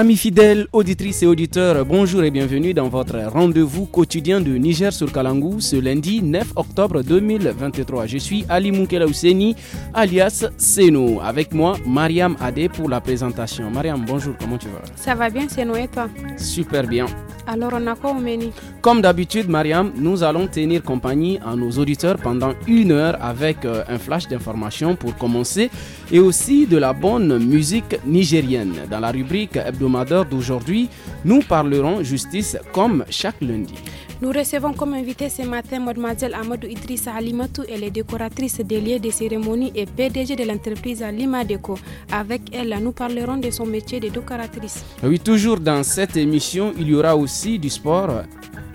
Amis fidèles, auditrices et auditeurs, bonjour et bienvenue dans votre rendez-vous quotidien de Niger sur Kalangou ce lundi 9 octobre 2023. Je suis Ali Moukela Ouseni, alias Seno. Avec moi, Mariam Adé pour la présentation. Mariam, bonjour, comment tu vas Ça va bien, Seno, et toi Super bien. Alors, on a quoi au menu Comme d'habitude, Mariam, nous allons tenir compagnie à nos auditeurs pendant une heure avec euh, un flash d'informations pour commencer et aussi de la bonne musique nigérienne. Dans la rubrique hebdomadaire, d'aujourd'hui, nous parlerons justice comme chaque lundi. Nous recevons comme invité ce matin Mademoiselle Amadou Idrissa Alimatu. Elle est décoratrice des lieux de cérémonie et PDG de l'entreprise Alima deco Avec elle, nous parlerons de son métier de décoratrice. Ah oui, toujours dans cette émission, il y aura aussi du sport.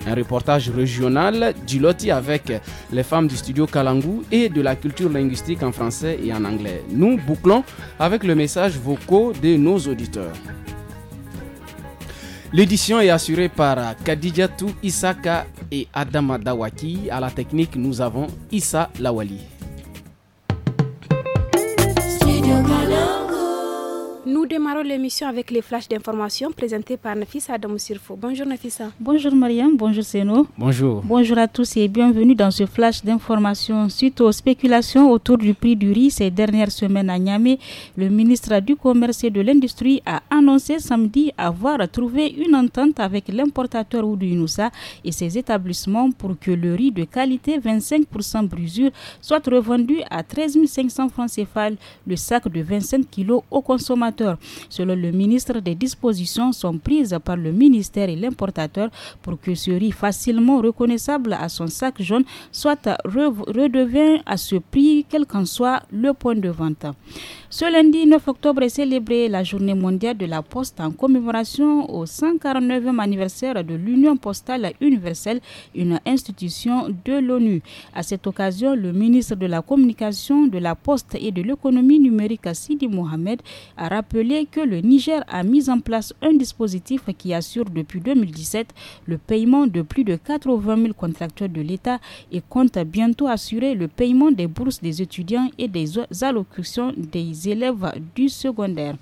Un reportage régional du loti avec les femmes du studio Kalangu et de la culture linguistique en français et en anglais. Nous bouclons avec le message vocaux de nos auditeurs. L'édition est assurée par Kadijatou Isaka et Adama Dawaki. À la technique, nous avons Issa Lawali. Nous démarrons l'émission avec les flashs d'informations présentés par Nafissa Adam Bonjour Nafissa. Bonjour Mariam, bonjour Seno. Bonjour. Bonjour à tous et bienvenue dans ce flash d'informations. Suite aux spéculations autour du prix du riz ces dernières semaines à Niamey, le ministre du Commerce et de l'Industrie a annoncé samedi avoir trouvé une entente avec l'importateur Oudinoussa et ses établissements pour que le riz de qualité 25% brisure soit revendu à 13 500 francs céphales, le sac de 25 kg aux consommateurs Selon le ministre, des dispositions sont prises par le ministère et l'importateur pour que ce riz facilement reconnaissable à son sac jaune soit redevient à ce prix quel qu'en soit le point de vente. Ce lundi 9 octobre est célébrée la journée mondiale de la poste en commémoration au 149e anniversaire de l'Union postale universelle, une institution de l'ONU. À cette occasion, le ministre de la Communication, de la Poste et de l'économie numérique Sidi Mohamed a rappelé que le Niger a mis en place un dispositif qui assure depuis 2017 le paiement de plus de 80 000 contracteurs de l'État et compte bientôt assurer le paiement des bourses des étudiants et des allocutions des élèves du secondaire.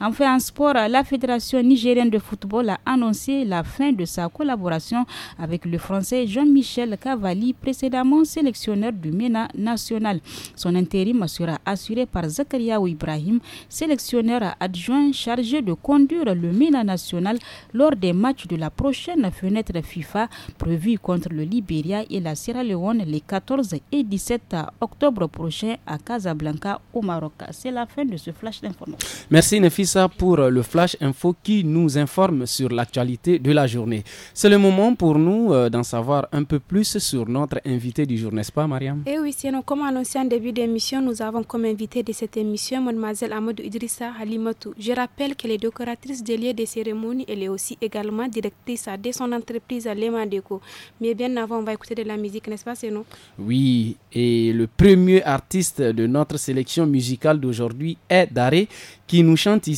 Enfin, en sport, la Fédération nigérienne de football a annoncé la fin de sa collaboration avec le Français Jean-Michel Cavalli, précédemment sélectionneur du MENA national. Son intérim sera assuré par Zakaria Ibrahim, sélectionneur adjoint chargé de conduire le MENA national lors des matchs de la prochaine fenêtre FIFA prévue contre le Libéria et la Sierra Leone les 14 et 17 octobre prochains à Casablanca au Maroc. C'est la fin de ce flash d'information. Merci Nefis ça pour le Flash Info qui nous informe sur l'actualité de la journée. C'est le moment pour nous euh, d'en savoir un peu plus sur notre invité du jour, n'est-ce pas Mariam Eh oui, sinon, comme annoncé en début d'émission, nous avons comme invité de cette émission mademoiselle Amadou Idrissa Halimatou. Je rappelle qu'elle est décoratrice des lieux des cérémonies, elle est aussi également directrice de son entreprise à Deco. Mais bien avant, on va écouter de la musique, n'est-ce pas Sinon Oui, et le premier artiste de notre sélection musicale d'aujourd'hui est Daré qui nous chante ici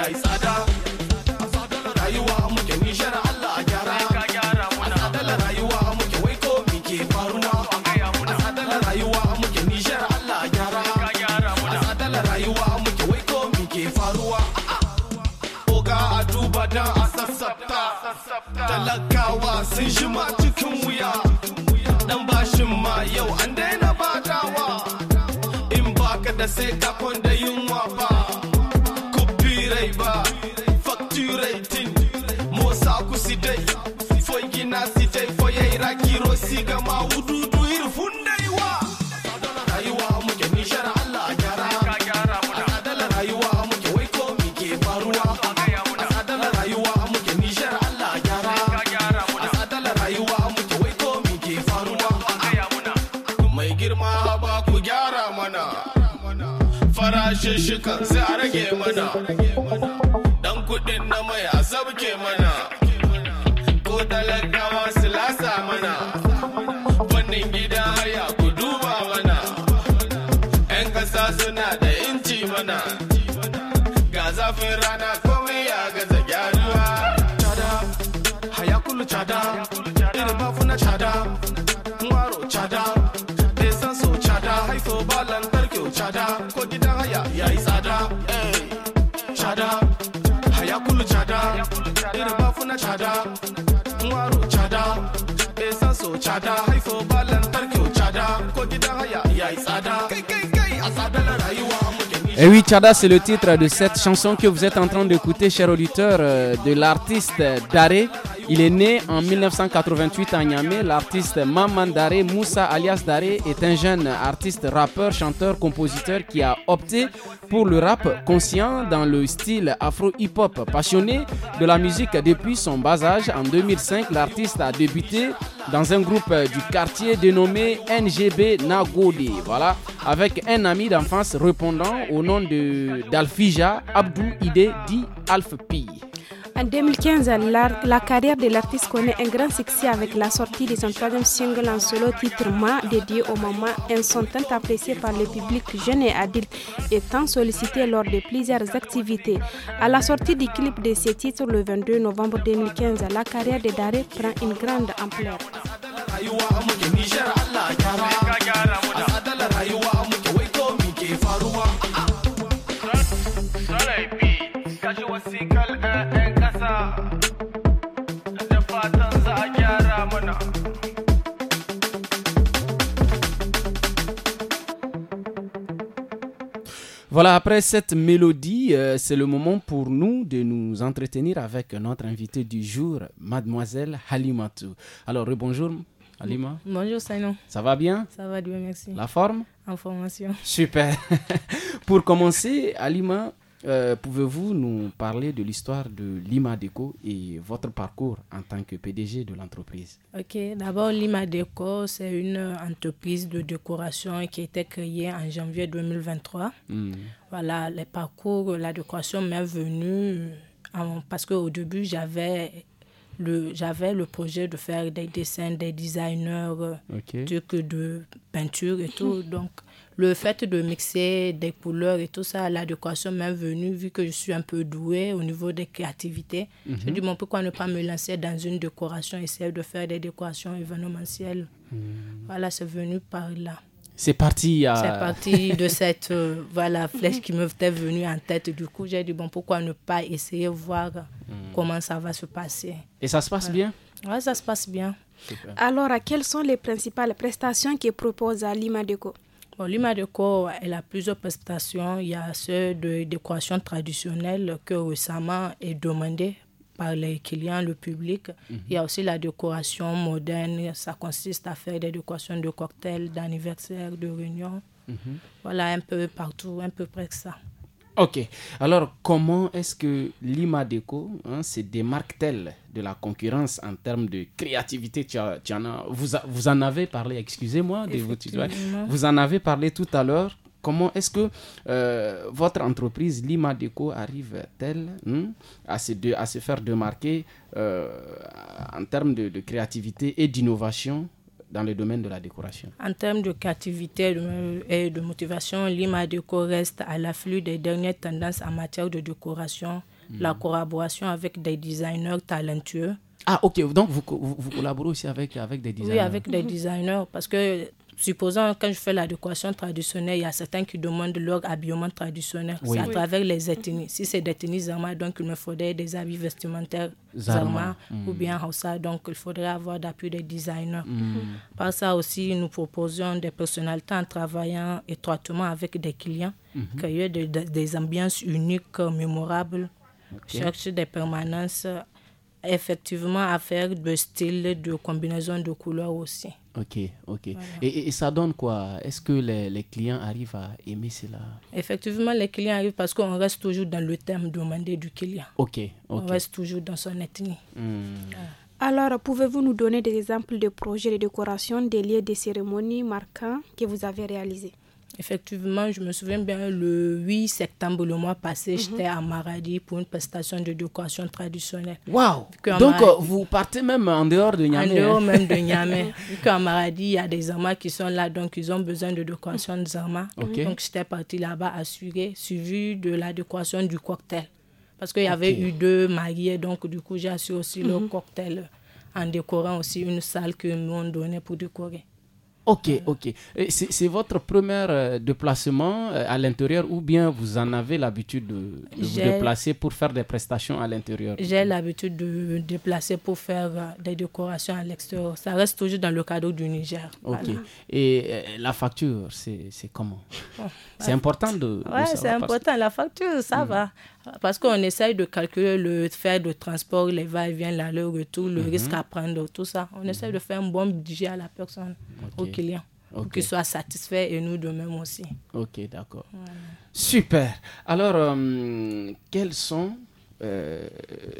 yayi tsada rayuwa muke nishar Allah a gyara a tsadala rayuwa muke wai ko mi ke faruwa a tsadala rayuwa muke nishar Allah a gyara a tsadala rayuwa muke wai ko mi ke faruwa oga a duba dan a sassafta talakawa sun shima cikin wuya dan bashin ma yau an daina badawa in baka da sai kakon da yunwa ba siga Mauro kogi da haya ya yi tsada cada haya kulu cada irin bafuna cada nwaro cada esan so cada haifo ba cada kogi haya tsada et oui, Chada, c'est le titre de cette chanson que vous êtes en train d'écouter, cher auditeur, euh, de l'artiste Daré, il est né en 1988 à Niamey. L'artiste Maman Moussa alias Dare est un jeune artiste rappeur, chanteur, compositeur qui a opté pour le rap conscient dans le style afro-hip-hop. Passionné de la musique depuis son bas âge, en 2005, l'artiste a débuté dans un groupe du quartier dénommé NGB Nagodi Voilà, avec un ami d'enfance répondant au nom de d'Alfija Abdou Ide dit Alfpi. En 2015, la, carrière de l'artiste connaît un grand succès avec la sortie de son troisième single en solo titre Ma, dédié au moment un son tant apprécié par le public jeune et adulte étant sollicité lors de plusieurs activités. À la sortie du clip de ce titre le 22 novembre 2015, la carrière de Daré prend une grande ampleur. Voilà, après cette mélodie, euh, c'est le moment pour nous de nous entretenir avec notre invité du jour, mademoiselle Halimatu. Alors, bonjour Halima. Bonjour Saino. Ça va bien Ça va bien, merci. La forme En formation. Super. pour commencer, Halima, euh, pouvez-vous nous parler de l'histoire de Lima Déco et votre parcours en tant que PDG de l'entreprise Ok, d'abord Déco c'est une entreprise de décoration qui a été créée en janvier 2023. Hmm. Voilà, le parcours, la décoration m'est venue euh, parce qu'au début, j'avais le j'avais le projet de faire des dessins, des designers, euh, okay. trucs de peinture et tout. Donc, le fait de mixer des couleurs et tout ça, l'adéquation m'est venue vu que je suis un peu douée au niveau des créativités. Mhm. J'ai dit bon, pourquoi ne pas me lancer dans une décoration, essayer de faire des décorations événementielles. Mhm. Voilà, c'est venu par là. C'est parti. Euh, c'est parti de cette euh, voilà, flèche qui me venue en tête. Du coup, j'ai dit, bon, pourquoi ne pas essayer, voir mhm. comment ça va se passer. Et ça se passe bien Oui, ça se passe bien. Alors, quelles sont les principales prestations qui proposent à Lima Bon, elle a plusieurs prestations. Il y a ceux de décoration traditionnelle que récemment est demandée par les clients, le public. Mhm. Il y a aussi la décoration moderne. Ça consiste à faire des décorations de cocktails, d'anniversaires, de réunions. Mhm. Voilà, un peu partout, un peu près que ça. Ok. Alors, comment est-ce que l'IMADECO hein, se démarque-t-elle de la concurrence en termes de créativité vous, en avez parlé, excusez-moi, vous, vous en avez parlé tout à l'heure. Comment est-ce que euh, votre entreprise Limadeco arrive-t-elle hein, à, se à se faire démarquer euh, en termes de créativité et d'innovation dans le domaine de la décoration. En termes de créativité et de motivation, Lima Déco reste à l'afflux des dernières tendances en matière de décoration, hmm. la collaboration avec des designers talentueux. Ah ok, donc vous, vous, vous collaborez aussi avec, avec des designers. Oui, avec des mhm. designers, parce que supposons quand je fais l'adéquation traditionnelle, il y a certains qui demandent leur habillement traditionnel. C'est à travers les ethnies. Si c'est des ethnies Zarma, donc il me faudrait des habits vestimentaires Zarma, hmm. ou bien Hausa, donc il faudrait avoir d'appui des designers. Hmm. Par ça aussi, nous proposons des personnalités en travaillant étroitement avec des clients, créer hmm. des ambiances uniques, mémorables, okay. chercher des permanences effectivement à faire de style, de combinaison de couleurs aussi. Ok, ok. Et, ça donne quoi Est-ce que les, clients arrivent à aimer cela Effectivement, les clients arrivent parce qu'on reste toujours dans le thème demandé du client. Ok, ok. On reste toujours dans son ethnie. Hmm. Ah. Alors, pouvez-vous nous donner des exemples de projets de décoration des lieux de cérémonies marquants que vous avez réalisés Effectivement, je me souviens bien, le 8 septembre, le mois passé, mhm. j'étais à Maradi pour une prestation de traditionnelle. Waouh Donc, euh, vous partez même en dehors de Niamey En dehors hein. même de Niamey. Vu qu'à Maradi, il y a des amas qui sont là, donc ils ont besoin de décoration des Donc, j'étais partie là-bas assurer, suivi de l'adéquation du cocktail. Parce qu'il y avait eu deux mariés, donc du coup, j'ai assuré aussi le mhm. cocktail en décorant aussi une salle que m'ont donnée pour décorer. Ok, ok. C'est votre premier euh, déplacement euh, à l'intérieur ou bien vous en avez l'habitude de, vous déplacer pour faire des prestations à l'intérieur J'ai l'habitude de me déplacer pour faire euh, des décorations à l'extérieur. Ça reste toujours dans le cadre du Niger. Ok. Et la facture, c'est comment ah. C'est important de. Oui, c'est important. La facture, ça hmm. va. Parce qu'on essaye de calculer le fait de transport, les va-et-vient, l'aller-retour, le mhm. risque à prendre, tout ça. On mhm. essaye de faire un bon budget à la personne, au client. pour qu'il soit satisfait et nous de même aussi. Ok, d'accord. Super. Alors, euh, quels sont euh,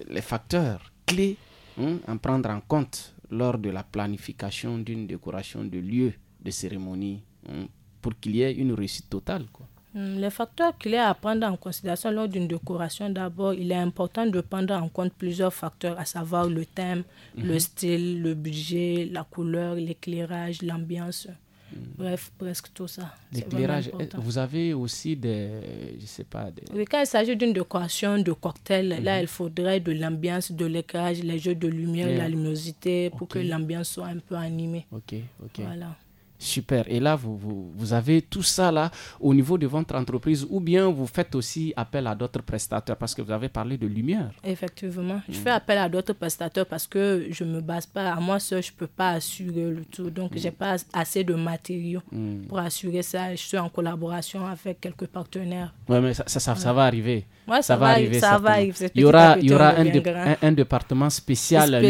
les facteurs clés hein, à prendre en compte lors de la planification d'une décoration de lieu de cérémonie hein, pour qu'il y ait une réussite totale quoi? Hmm, les facteurs clés à prendre en considération lors d'une décoration, d'abord, il est important de prendre en compte plusieurs facteurs, à savoir le thème, mhm. le style, le budget, la couleur, l'éclairage, l'ambiance. Hmm. Bref, presque tout ça. L'éclairage, vous avez aussi des, je sais pas. Des... Oui, quand il s'agit d'une décoration de cocktail, là, mhm. il faudrait de l'ambiance, de l'éclairage, les jeux de lumière, la luminosité, pour que l'ambiance soit un peu animée. Ok, ok. Voilà. Super. Et là, vous, vous, avez tout ça là au niveau de votre entreprise ou bien vous faites aussi appel à d'autres prestataires parce que vous avez parlé de lumière. Effectivement. Je mm. fais appel à d'autres prestataires parce que je ne me base pas. À moi seul, je ne peux pas assurer le tout. Donc, mm. je n'ai pas assez de matériaux mm. pour assurer ça. Je suis en collaboration avec quelques partenaires. Oui, mais ça, ça va arriver ça, va, Il y aura, y aura un, département spécial,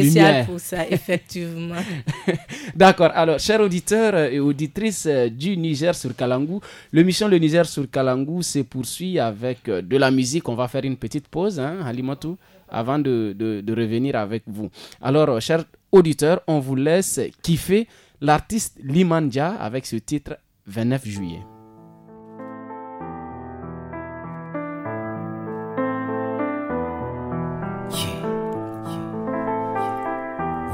pour ça, effectivement. D'accord. Alors, chers auditeurs euh, et auditrices euh, du Niger sur Kalangou, mission Le Niger sur Kalangou se poursuit avec euh, de la musique. On va faire une petite pause, hein, avant de, revenir avec vous. Alors, chers auditeurs, on vous laisse kiffer l'artiste Limandja avec ce titre 29 juillet.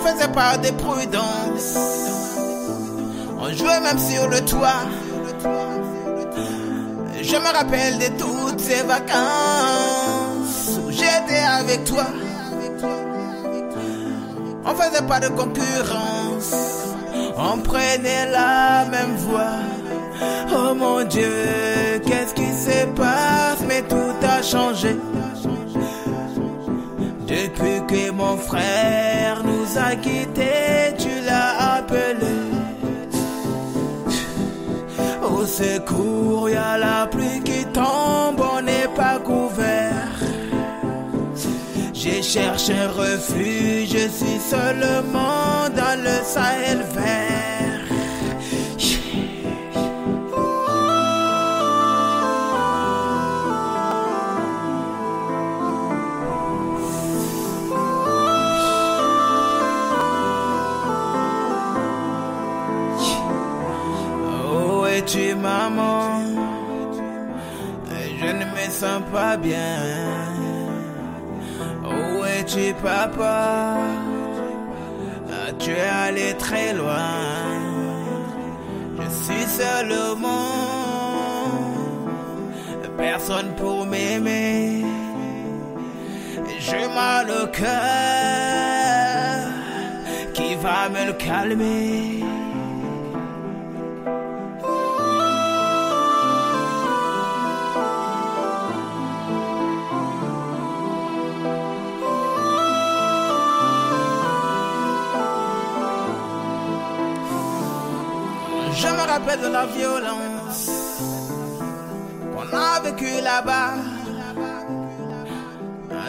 faisait pas de prudence, On jouait même sur le toit. Je me rappelle de toutes ces vacances où j'étais avec toi. On faisait pas de concurrence. On prenait la même voie. Oh mon Dieu, qu'est-ce qui se passe? Mais tout a changé. Depuis que mon frère nous a quittés, tu l'as appelé. Au secours, il y a la pluie qui tombe, on n'est pas couvert. J'ai cherché un refuge, je suis seulement dans le Sahel vert. tu es maman, je ne me sens pas bien. Où es-tu papa ah, Tu es allé très loin. Je suis seul au monde, personne pour m'aimer. J'ai mal au cœur, qui va me le calmer Je me rappelle de la violence qu'on a vécu là-bas.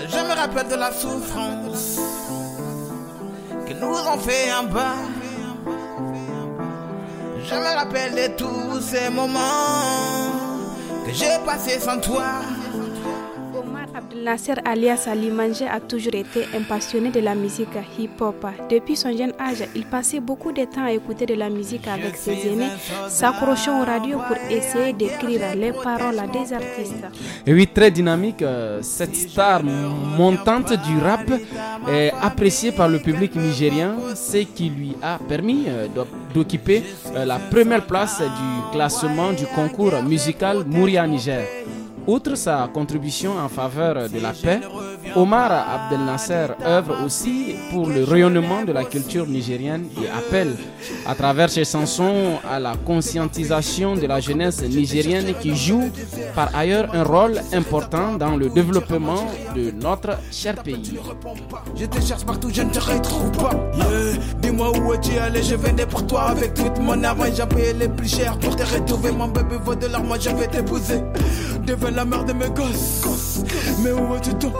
Je me rappelle de la souffrance que nous ont fait en bas. Je me rappelle de tous ces moments que j'ai passés sans toi. Nasser alias Ali Manger a toujours été un passionné de la musique hip-hop. Depuis son jeune âge, il passait beaucoup de temps à écouter de la musique avec ses aînés, s'accrochant aux radios pour essayer d'écrire les paroles à des artistes. Et oui, très dynamique, euh, cette star montante du rap est appréciée par le public nigérien, ce qui lui a permis euh, d'occuper euh, la première place du classement du concours musical Mouria Niger. Outre sa contribution en faveur de la paix, Omar Abdel Nasser œuvre aussi pour le rayonnement de la culture nigérienne et appelle à travers ses chansons à la conscientisation de la jeunesse nigérienne qui joue par ailleurs un rôle important dans le développement de notre cher pays. Je cherche partout, je ne te pas. Dis-moi où es allé, je venais pour toi avec toute mon j'ai les plus chers pour te retrouver. Mon bébé vaut de je vais t'épouser la mort de mes gosses. Mais où es-tu donc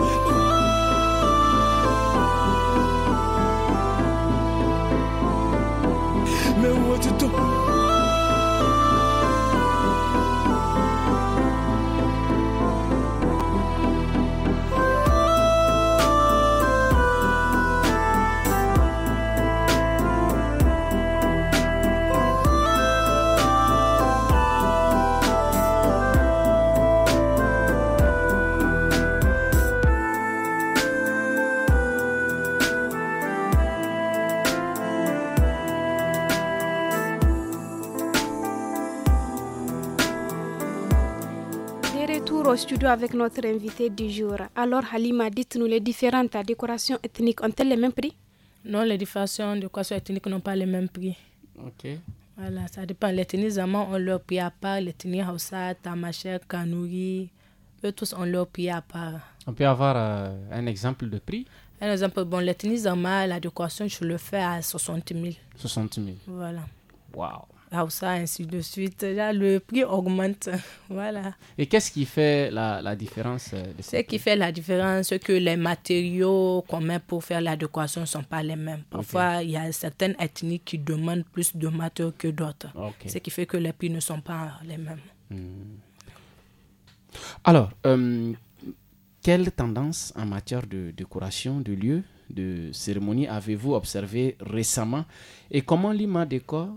Mais où es-tu donc avec notre invité du jour. Alors Halima, dites-nous les différentes décorations ethniques ont-elles les mêmes prix Non, les différentes décorations ethniques n'ont pas les mêmes prix. Ok. Voilà, ça dépend. Les tenues amants ont leur prix à part, les tenues Hausa, Tamacher, Kanouri, eux tous ont leur prix à part. On peut avoir euh, un exemple de prix Un exemple, bon, les tenues amants, la décoration, je le fais à 60 000. 60 000 Voilà. Waouh Hausa, ah, ainsi de suite. Là, le prix augmente. voilà. Et qu'est-ce qui fait la, la différence euh, de Ce qui fait la différence, c'est que les matériaux qu'on met pour faire l'adéquation ne sont pas les mêmes. Parfois, il y a certaines ethnies qui demandent plus de matériaux que d'autres. Ce qui fait que les prix ne sont pas les mêmes. Hmm. Alors, euh, quelle tendance en matière de décoration de lieux, de cérémonie avez-vous observé récemment et comment Lima Décor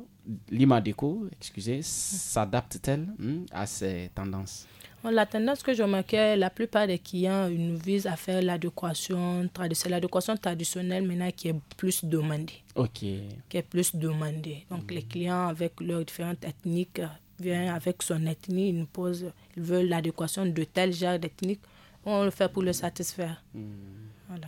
l'IMADECO, excusez, s'adapte-t-elle hmm, à ces tendances la tendance que je remarquais, la plupart des clients nous visent à faire l'adéquation traditionnelle, l'adéquation traditionnelle maintenant qui est plus demandée. OK. Qui est plus demandée. Donc les hmm. clients avec leurs différentes ethniques euh, viennent avec son ethnie, ils nous posent, ils veulent l'adéquation de tel genre d'ethnique, on le fait pour le satisfaire. Hmm. Voilà.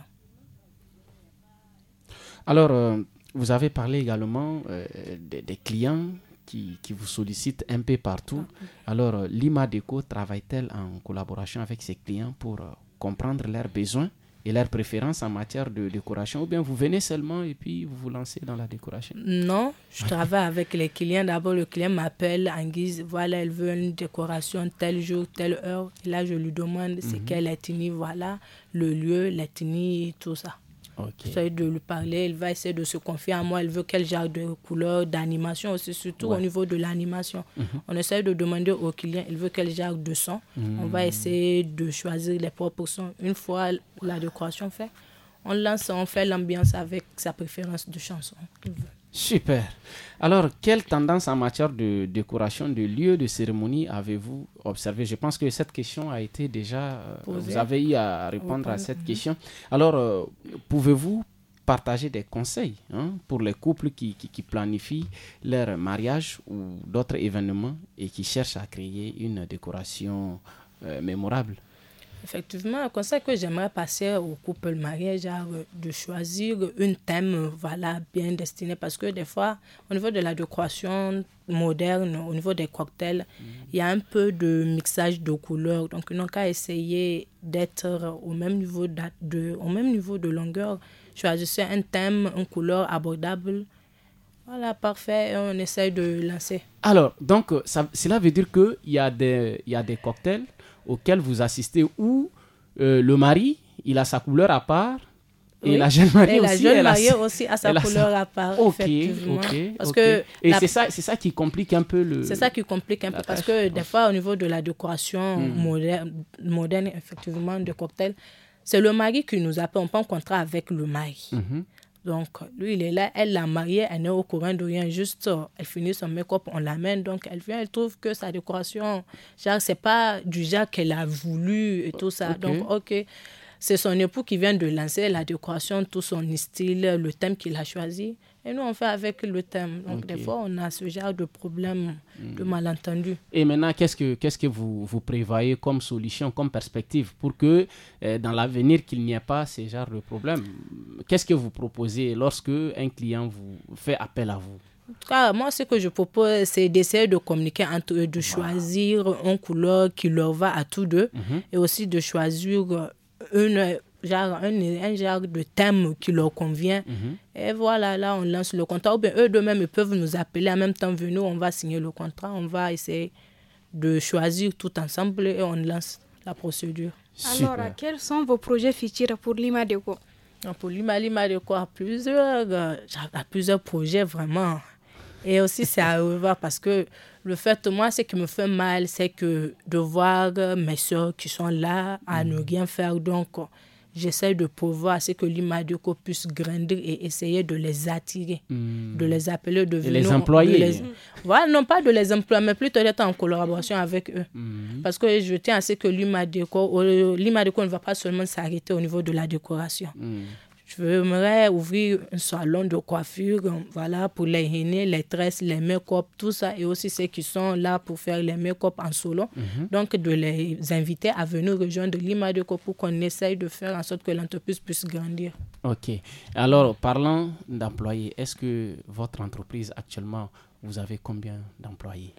Alors, euh, vous avez parlé également euh, des, clients qui, qui, vous sollicitent un peu partout. Alors, euh, l'IMADECO travaille-t-elle en collaboration avec ses clients pour euh, comprendre leurs besoins et leurs préférences en matière de décoration ou bien vous venez seulement et puis vous vous lancez dans la décoration Non, je travaille avec les clients. D'abord, le client m'appelle en guise, voilà, elle veut une décoration tel jour, telle heure. Et là, je lui demande ce mhm. qu'elle c'est quelle voilà, le lieu, l'ethnie, tout ça. On J'essaie de lui parler, il va essayer de se confier à moi, elle veut quel genre de couleur, d'animation aussi, surtout au niveau de l'animation. Mhm. On essaie de demander au client, il veut quel genre de son. On va mhm. essayer de choisir les propres sons. Une fois la décoration faite, on lance, on fait l'ambiance avec sa préférence de chanson. veut. Super. Alors, quelle tendance en matière de décoration de lieux de cérémonie avez-vous observé Je pense que cette question a été déjà... Euh, vous avez eu à répondre à cette question. Alors, euh, pouvez-vous partager des conseils hein, pour les couples qui, planifient leur mariage ou d'autres événements et qui cherchent à créer une décoration euh, mémorable Effectivement, un ça que j'aimerais passer au couple marié, de choisir un thème voilà, bien destiné. parce que des fois, au niveau de la décoration moderne, au niveau des cocktails, il y a un peu de mixage de couleurs. Donc, ils n'ont qu'à essayer d'être au même niveau de, au même niveau de longueur. Choisissez un thème, une couleur abordable. Voilà, parfait, on essaye de lancer. Alors, donc, cela veut dire qu'il y, a des, y a des cocktails auquel vous assistez où euh, le mari, il a sa couleur à part. Et la jeune mariée, aussi, jeune elle a, sa couleur à part. effectivement. Parce Que et c'est ça, ça, qui complique un peu le. C'est ça qui complique un peu. Parce que des fois, au niveau de la décoration hmm. moderne, effectivement, de cocktail, c'est le mari qui nous appelle. On prend contrat avec le mari. Mhm. Donc, lui, il est là, elle l'a mariée, elle n'est au courant de rien, juste, euh, elle finit son make-up, on l'amène, donc elle vient, elle trouve que sa décoration, genre, c'est pas du genre qu'elle a voulu et tout ça. Donc, ok, c'est son époux qui vient de lancer la décoration, tout son style, le thème qu'il a choisi. Et nous, on fait avec le thème. Donc, des fois, on a ce genre de problème, de hmm. malentendu. Et maintenant, qu'est-ce que, qu'est-ce que vous, vous prévoyez comme solution, comme perspective pour que euh, dans l'avenir, qu'il n'y ait pas ce genre de problème Qu'est-ce que vous proposez lorsque un client vous fait appel à vous en tout cas, moi, ce que je propose, c'est d'essayer de communiquer entre eux, de choisir une couleur qui leur va à tous deux mhm. et aussi de choisir une, un, un, genre de thème qui leur convient. Mhm. Et voilà, là, on lance le contrat. Ou bien eux mêmes ils peuvent nous appeler en même temps, venons on va signer le contrat, on va essayer de choisir tout ensemble et on lance la procédure. Alors, euh, quels sont vos projets futurs pour Lima ah, Pour Lima, Lima Deco a plusieurs, a euh, plusieurs projets vraiment. Et aussi, c'est à revoir parce que le fait, moi, ce qui me fait mal, c'est que de voir mes soeurs qui sont là à nous ne mhm. rien faire. Donc, j'essaie de pouvoir ce que l'Imadioko puisse grandir et essayer de les attirer, hmm. de les appeler, de, les employer. Voilà, non pas de les employer, mais plutôt d'être en collaboration avec eux. Hmm. Parce que je tiens à ce que l'Imadioco, euh, ne va pas seulement s'arrêter au niveau de la décoration. Hmm. Je voudrais ouvrir un salon de coiffure, voilà, pour les aînés, les tresses, les make-up, tout ça, et aussi ceux qui sont là pour faire les make-up en solo. Mhm. Donc, de les inviter à venir rejoindre l'IMADECO pour qu'on essaye de faire en sorte que l'entreprise puisse grandir. OK. Alors, parlant d'employés, est-ce que votre entreprise actuellement, vous avez combien d'employés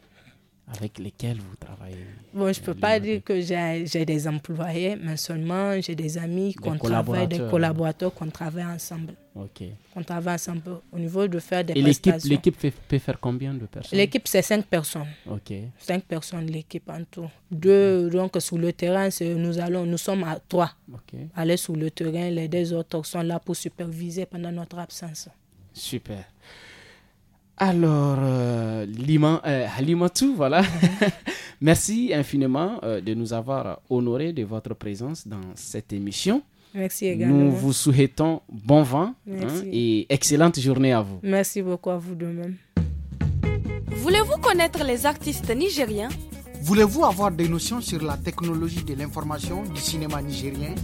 avec lesquels vous travaillez bon, Je ne peux euh, pas e dire que j'ai des employés, mais seulement j'ai des amis, travaille, des collaborateurs qu'on travaille ensemble. Ok. Qu'on travaille ensemble au niveau de faire des Et l'équipe peut faire combien de personnes L'équipe, c'est cinq personnes. Ok. Cinq personnes, l'équipe en tout. Deux, donc sur le terrain, nous, allons, nous sommes à trois. Ok. Aller sur le terrain, les deux autres sont là pour superviser pendant notre absence. Super. Alors, euh, Lima, euh, voilà. Merci infiniment euh, de nous avoir honorés de votre présence dans cette émission. Merci également. Nous vous souhaitons bon vent hein, et excellente journée à vous. Merci beaucoup à vous de même. Voulez-vous connaître les artistes nigériens Voulez-vous avoir des notions sur la technologie de l'information du cinéma nigérien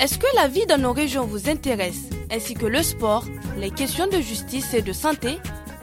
Est-ce que la vie dans nos régions vous intéresse, ainsi que le sport, les questions de justice et de santé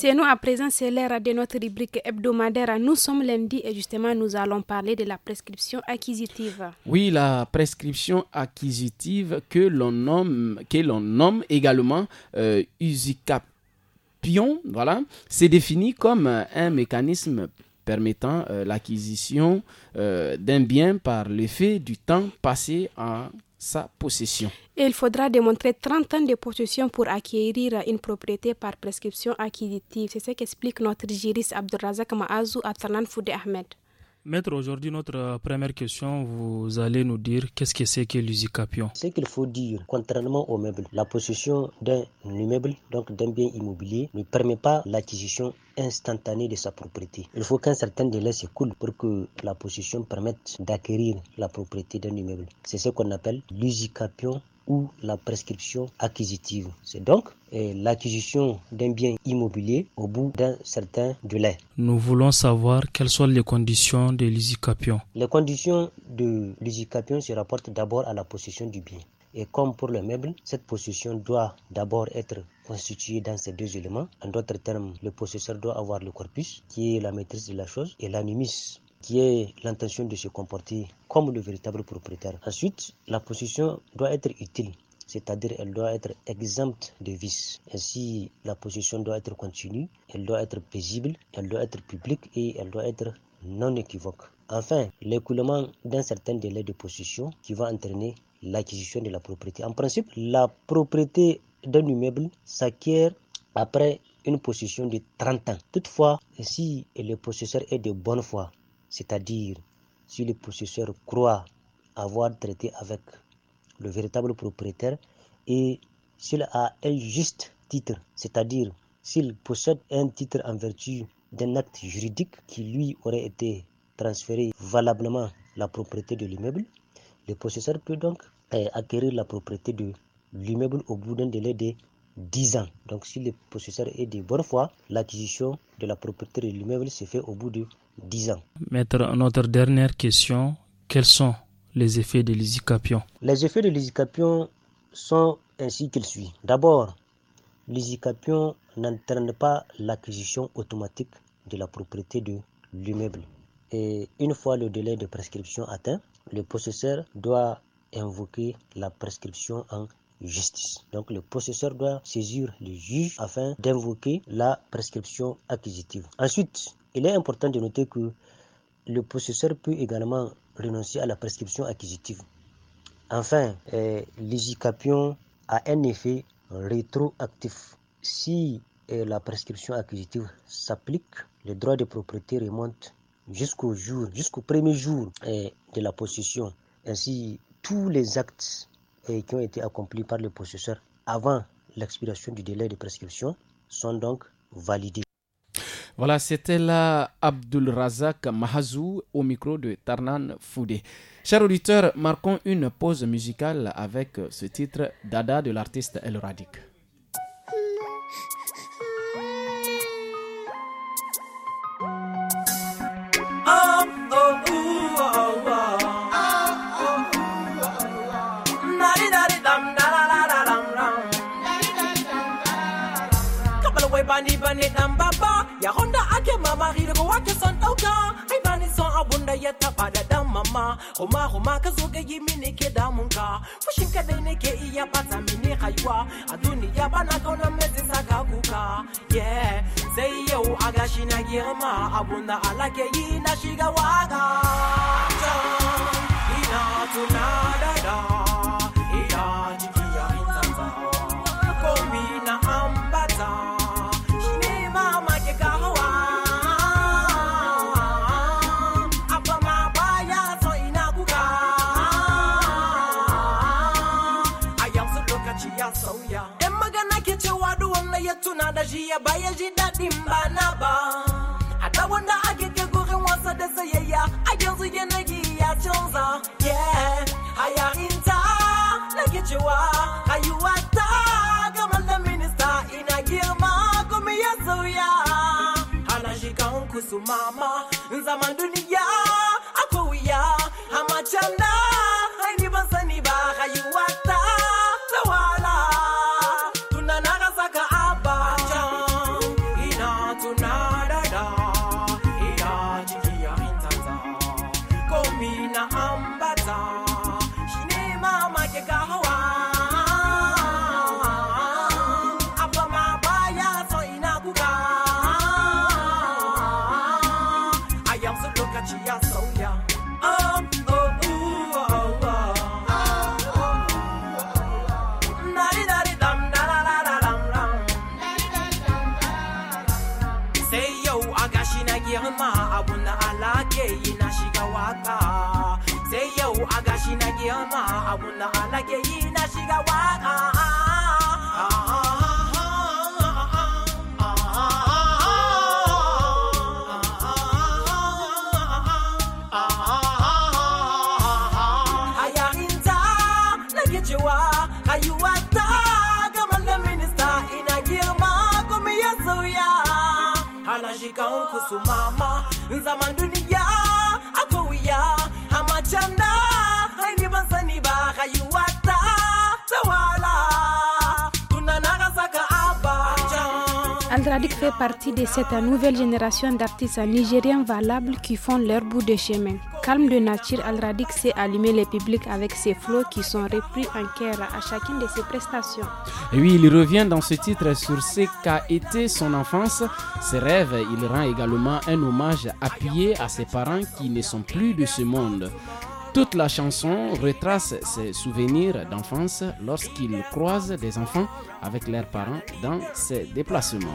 C'est nous à présent, c'est l'ère de notre rubrique hebdomadaire. Nous sommes lundi et justement, nous allons parler de la prescription acquisitive. Oui, la prescription acquisitive que l'on nomme, également euh, usicapion, voilà, c'est défini comme un mécanisme permettant euh, l'acquisition euh, d'un bien par l'effet du temps passé en sa possession. il faudra démontrer 30 ans de possession pour acquérir une propriété par prescription acquisitive. C'est ce qu'explique notre juriste Abdelrazak Maazou Atanan Foudé Ahmed. Maître, aujourd'hui, notre euh, première question, vous allez nous dire qu'est-ce que c'est que l'usicapion Ce qu'il faut dire, contrairement aux meubles, la possession d'un immeuble, donc d'un bien immobilier, ne permet pas l'acquisition instantanée de sa propriété. Il faut qu'un certain délai s'écoule pour que la possession permette d'acquérir la propriété d'un immeuble. C'est ce qu'on appelle l'usicapion ou la prescription acquisitive. C'est donc euh, l'acquisition d'un bien immobilier au bout d'un certain délai. Nous voulons savoir quelles sont les conditions de l'usicapion. Les conditions de l'usicapion se rapportent d'abord à la possession du bien. Et comme pour le meuble, cette possession doit d'abord être constituée dans ces deux éléments. En d'autres termes, le possesseur doit avoir le corpus, qui est la maîtrise de la chose, et l'animis qui est l'intention de se comporter comme le véritable propriétaire. Ensuite, la possession doit être utile c'est-à-dire elle doit être exempte de vices. Ainsi, la possession doit être continue, elle doit être paisible, elle doit être publique et elle doit être non équivoque. Enfin, l'écoulement d'un certain délai de possession qui va entraîner l'acquisition de la propriété. En principe, la propriété d'un immeuble s'acquiert après une possession de 30 ans. Toutefois, si le possesseur est de bonne foi c'est-à-dire, si le possesseur croit avoir traité avec le véritable propriétaire et s'il a un juste titre, c'est-à-dire s'il possède un titre en vertu d'un acte juridique qui lui aurait été transféré valablement la propriété de l'immeuble, le possesseur peut donc euh, acquérir la propriété de l'immeuble au bout d'un délai de 10 ans. Donc si le possesseur est de bonne foi, l'acquisition de la propriété de l'immeuble se fait au bout de 10 ans. Maître, notre dernière question, quels sont les effets de l'isicapion Les effets de l'isicapion sont ainsi qu'ils suivent. D'abord, l'isicapion n'entraîne pas l'acquisition automatique de la propriété de l'immeuble. Et une fois le délai de prescription atteint, le possesseur doit invoquer la prescription en justice. Donc le possesseur doit saisir le juge afin d'invoquer la prescription acquisitive. Ensuite, il est important de noter que le possesseur peut également renoncer à la prescription acquisitive. Enfin, euh, a un effet rétroactif. Si eh, la prescription acquisitive s'applique, le droit de propriété remonte jusqu'au jour, jusqu'au premier jour eh, de la possession. Ainsi, tous les actes eh, qui ont été accomplis par le possesseur avant l'expiration du délai de prescription sont donc validés. Voilà, c'était là Abdul Razak Mahazou au micro de Tarnan Foudé. Chers auditeurs, marquons une pause musicale avec ce titre Dada de l'artiste El Fahire go wake son dauka ai bani son abun da ya taba da dan mama kuma kuma ka zo ga yi mini ke damun ka fushin ka dai nake iya bata mini haiwa a duniya bana kauna mai saka kuka yeah sai yau a gashi na girma abun da alake yi na shiga waka ina tunada da ina 'yan magana ke cewa duwan na ya tuna da shi ya baya ji daɗin ba na ba a da wanda ake ke gurin wasa da sayayya a yanzu yanayi ya canza yeah haya inta na ke cewa rayuwa ta gama da minista ina girma kuma ya sauya hana shi kan kusu mama zaman yeah, yeah. Al-Radik fait partie de cette nouvelle génération d'artistes nigériens valables qui font leur bout de chemin. Calme de nature, Al-Radik sait allumer le public avec ses flots qui sont repris en cœur à chacune de ses prestations. Et oui, il revient dans ce titre sur ce qu'a été son enfance, ses rêves. Il rend également un hommage appuyé à ses parents qui ne sont plus de ce monde. Toute la chanson retrace ses souvenirs d'enfance lorsqu'il croise des enfants avec leurs parents dans ses déplacements.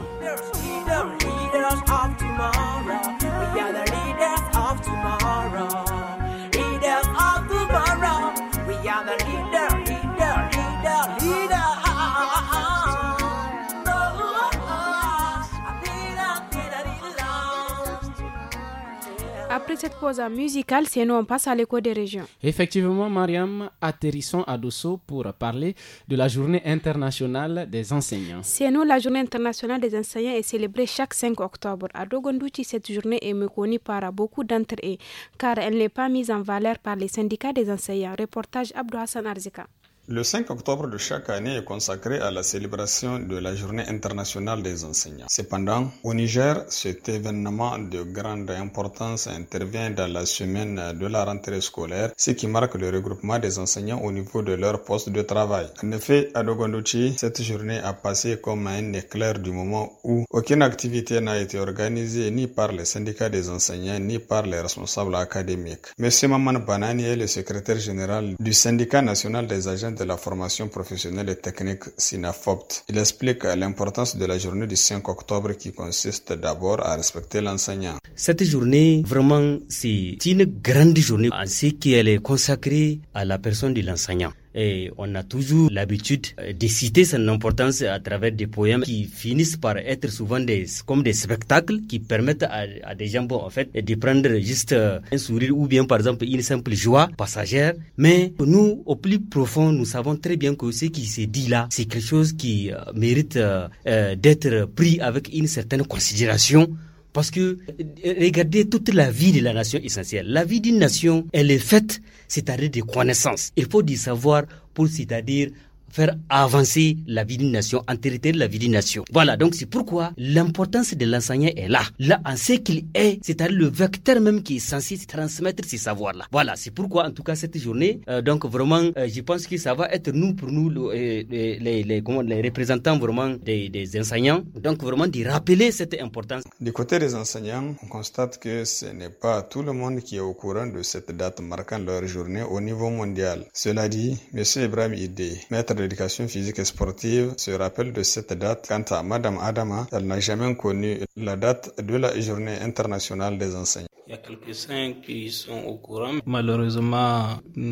après cette pause musicale, nous, on passe à l'écho des régions. Effectivement, Mariam, atterrissons à Dosso pour parler de la journée internationale des enseignants. C'est nous, la journée internationale des enseignants est célébrée chaque 5 octobre. À Dogondouchi, cette journée est méconnue par beaucoup d'entre eux, car elle n'est pas mise en valeur par les syndicats des enseignants. Reportage Abdou Hassan Arzika. Le 5 octobre de chaque année est consacré à la célébration de la Journée internationale des enseignants. Cependant, au Niger, cet événement de grande importance intervient dans la semaine de la rentrée scolaire, ce qui marque le regroupement des enseignants au niveau de leur poste de travail. En effet, à Dogonduchi, cette journée a passé comme un éclair du moment où aucune activité n'a été organisée ni par les syndicats des enseignants ni par les responsables académiques. Monsieur Maman Banani est le secrétaire général du syndicat national des agents de la formation professionnelle et technique SINAFOPT. Il explique l'importance de la journée du 5 octobre qui consiste d'abord à respecter l'enseignant. Cette journée, vraiment, c'est une grande journée ainsi qu'elle est consacrée à la personne de l'enseignant. Et on a toujours l'habitude euh, de citer son importance à travers des poèmes qui finissent par être souvent des, comme des spectacles qui permettent à, des gens, bon, en fait, de prendre juste euh, un sourire ou bien, par exemple, une simple joie passagère. Mais nous, au plus profond, nous savons très bien que ce qui s'est dit là, c'est quelque chose qui euh, mérite d'être pris avec une certaine considération parce que euh, regardez toute la vie de la nation essentielle. La vie d'une nation, elle est faite, c'est-à-dire des connaissances. Il faut du savoir pour, c'est-à-dire, faire avancer la vie d'une nation, de la vie d'une nation. Voilà, donc c'est pourquoi l'importance de l'enseignant est là. Là, on sait qu'il est, c'est-à-dire le vecteur même qui est censé transmettre ces savoirs-là. Voilà, c'est pourquoi en tout cas cette journée, euh, donc vraiment, euh, je pense que ça va être nous, pour nous, euh, les, représentants vraiment des, enseignants, donc vraiment de rappeler cette importance. Du côté des enseignants, on constate que ce n'est pas tout le monde qui est au courant de cette date marquant leur journée au niveau mondial. Cela dit, M. Ibrahim Idé, maître de l'éducation physique et sportive se rappelle de cette date. Quant à Madame Adama, elle n'a jamais connu la date de la journée internationale des enseignants. Il y a quelques-uns qui sont au courant. Malheureusement,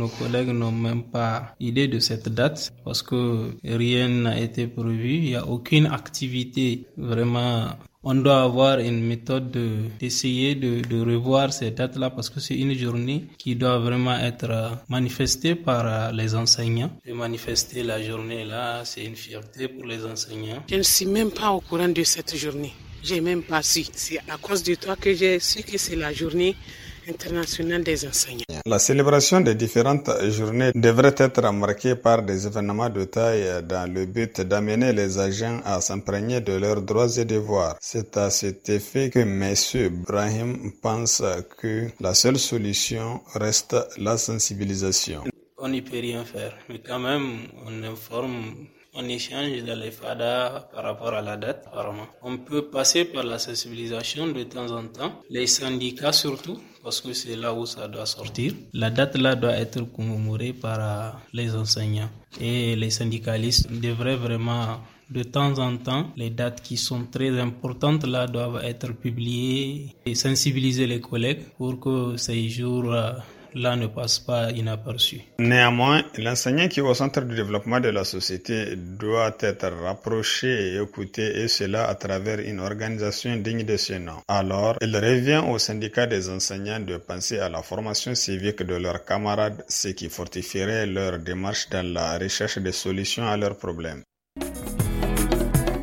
nos collègues n'ont même pas idée de cette date parce que rien n'a été prévu. Il n'y a aucune activité vraiment on doit avoir une méthode d'essayer de, de, revoir ces dates-là parce que c'est une journée qui doit vraiment être euh, manifestée par euh, les enseignants. Et manifester la journée-là, c'est une fierté pour les enseignants. Je ne suis même pas au courant de cette journée. J'ai même pas su. C'est à cause de toi que j'ai su que c'est la journée international des enseignants. La célébration des différentes journées devrait être marquée par des événements de taille dans le but d'amener les agents à s'imprégner de leurs droits et devoirs. C'est à cet effet que M. Brahim pense que la seule solution reste la sensibilisation. On n'y peut rien faire, mais quand même, on informe on échange dans les FADA par rapport à la date, On peut passer par la sensibilisation de temps en temps, les syndicats surtout, parce que c'est là où ça doit sortir. La date là doit être commémorée par euh, les enseignants et les syndicalistes devraient vraiment de temps en temps, les dates qui sont très importantes là doivent être publiées et sensibiliser les collègues pour que ces jours euh, ne passe pas inaperçu. Néanmoins, l'enseignant qui est au centre du développement de la société doit être rapproché et écouté et cela à travers une organisation digne de ce nom. Alors, il revient au syndicat des enseignants de penser à la formation civique de leurs camarades, ce qui fortifierait leur démarche dans la recherche des solutions à leurs problèmes.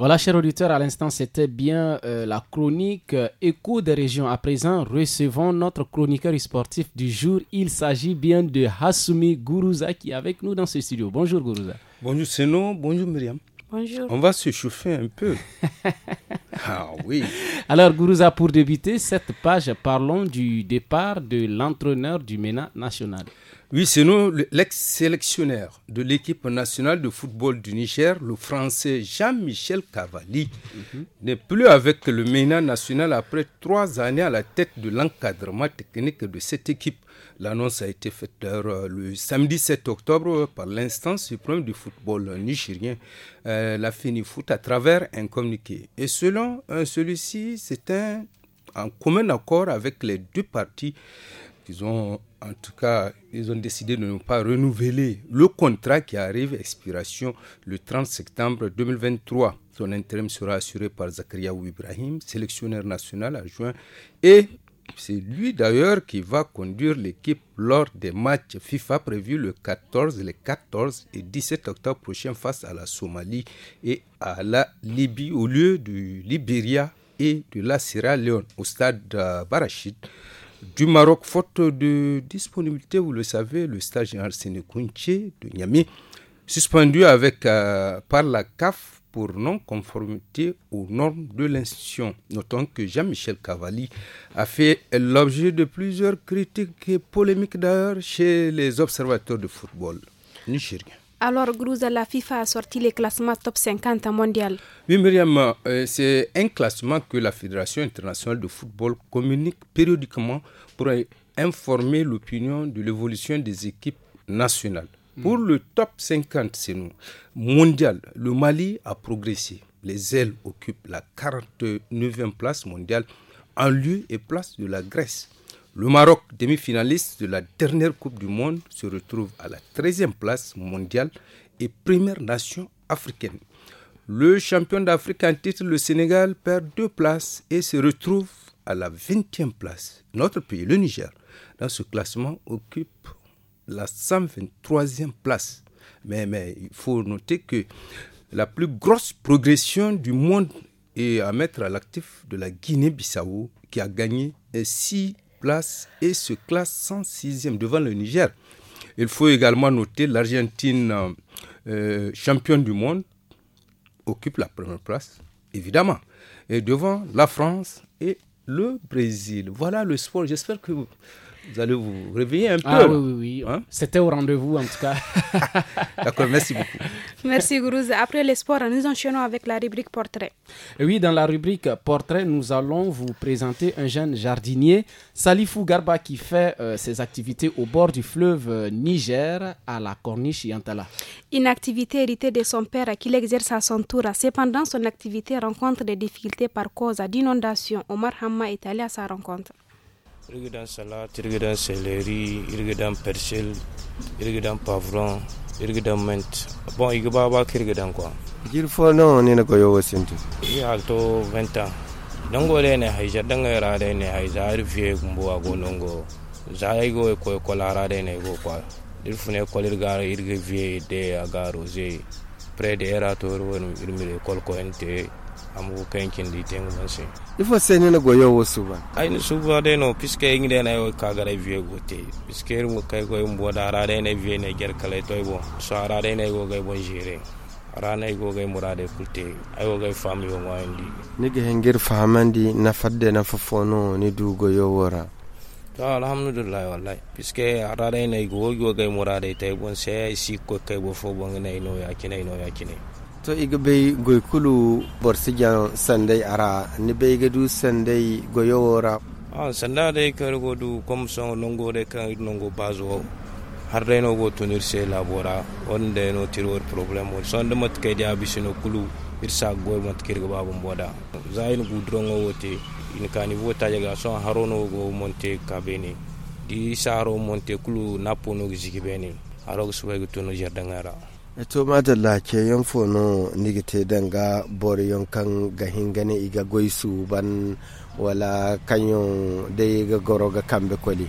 Voilà, chers auditeurs, à l'instant, c'était bien euh, la chronique euh, Écho des régions. À présent, recevons notre chroniqueur sportif du jour. Il s'agit bien de Hassoumi Gourouza qui est avec nous dans ce studio. Bonjour Gourouza. Bonjour Seno, bonjour Myriam. Bonjour. On va se chauffer un peu. ah oui. Alors Gourouza, pour débuter cette page, parlons du départ de l'entraîneur du MENA national. Oui, nous, lex sélectionnaire de l'équipe nationale de football du Niger, le français Jean-Michel Cavalli, mhm. n'est plus avec le MENA national après trois années à la tête de l'encadrement technique de cette équipe. L'annonce a été faite euh, le samedi 7 octobre par l'instance suprême du football nigérien, euh, la foot à travers un communiqué. Et selon euh, celui-ci, c'est un en commun accord avec les deux parties ont, en tout cas, ils ont décidé de ne pas renouveler le contrat qui arrive à expiration le 30 septembre 2023. Son intérim sera assuré par Zakaria Ibrahim, sélectionneur national adjoint, et c'est lui d'ailleurs qui va conduire l'équipe lors des matchs FIFA prévus le 14, le 14 et 17 octobre prochain face à la Somalie et à la Libye au lieu du l'Iberia et de la Sierra Leone au stade Barachid du Maroc, faute de disponibilité, vous le savez, le stage Arsène de Niamey, suspendu avec, euh, par la CAF pour non-conformité aux normes de l'institution. Notons que Jean-Michel Cavalli a fait l'objet de plusieurs critiques et polémiques d'ailleurs chez les observateurs de football nigériens. Alors, Grouza, la FIFA a sorti les classements top 50 mondial. Oui, Myriam, euh, c'est un classement que la Fédération internationale de football communique périodiquement pour informer l'opinion de l'évolution des équipes nationales. Hmm. Pour le top 50, c'est nous. Mondial, le Mali a progressé. Les ailes occupent la 49e place mondiale en lieu et place de la Grèce. Le Maroc, demi-finaliste de la dernière Coupe du Monde, se retrouve à la 13e place mondiale et première nation africaine. Le champion d'Afrique en titre, le Sénégal, perd deux places et se retrouve à la 20e place. Notre pays, le Niger, dans ce classement, occupe la 123e place. Mais, il faut noter que la plus grosse progression du monde est à mettre à l'actif de la Guinée-Bissau, qui a gagné 6 place et se classe 106e devant le Niger. Il faut également noter l'Argentine, euh, euh, championne du monde, occupe la première place, évidemment, et devant la France et le Brésil. Voilà le sport. J'espère que vous vous allez vous réveiller un ah peu. Ah oui, oui, oui. Hein? C'était au rendez-vous en tout cas. D'accord, merci beaucoup. Merci Gourouze. Après l'espoir, nous enchaînons avec la rubrique portrait. Oui, dans la rubrique portrait, nous allons vous présenter un jeune jardinier, Salifou Garba, qui fait euh, ses activités au bord du fleuve euh, Niger à la corniche Yantala. Une activité héritée de son père qu'il exerce à son tour. Cependant, son activité rencontre des difficultés par cause d'inondations. Omar Hamma est allé à sa rencontre. irgidan salat irgidan seleri irgidan persil irgidan pavron irgidan mint bon igi baba kirgidan kwa jir fo no ne na koyo wasintu yi alto 20 ans dan gore ne haija dan ga de ne haija har fiye gumbo a gonongo za yi go ko ko lara de ne go kwa dir ne ko lir irge vie de aga rose pre de era to ro irmi kol ko ente amu kayan kin di tengu ban se ifo se ni na goyo wosu ba ai ni suba de no piske ingi de na yo ka gara vie gote piske mu kai go mbo da ara de na vie ne ger kale toy bo so ara de na go gai bon jere ara na go gai murade kulte ai go gai fami yo ngwa ndi ni ge hengir fahamandi na fadde na fofono ni du goyo wora to alhamdulillah wallahi piske ara de na go go gai murade tay bon se si ko kai bo fo bon ne no ya kinai no ya kinai to iga bai goykulu borsijan sandai ara ni bai ga du sandai goyowora a ah, sanda da ka rigo du komson longo da kan nongo zuwa har da no go tunir se labora wanda da no tiror problem sanda matakai da mat kai da bisino kulu irsa goyi mat kirga babin boda nugu duron wote in ka bota ya ga son haro go monte kabene di haro monte kulu napono gizigi bene bai subay na jardin jardangara to madalla ke yon fono nigite danga bor yon kan gahingane hingane iga goisu ban wala kanyon de ga goroga kambe koli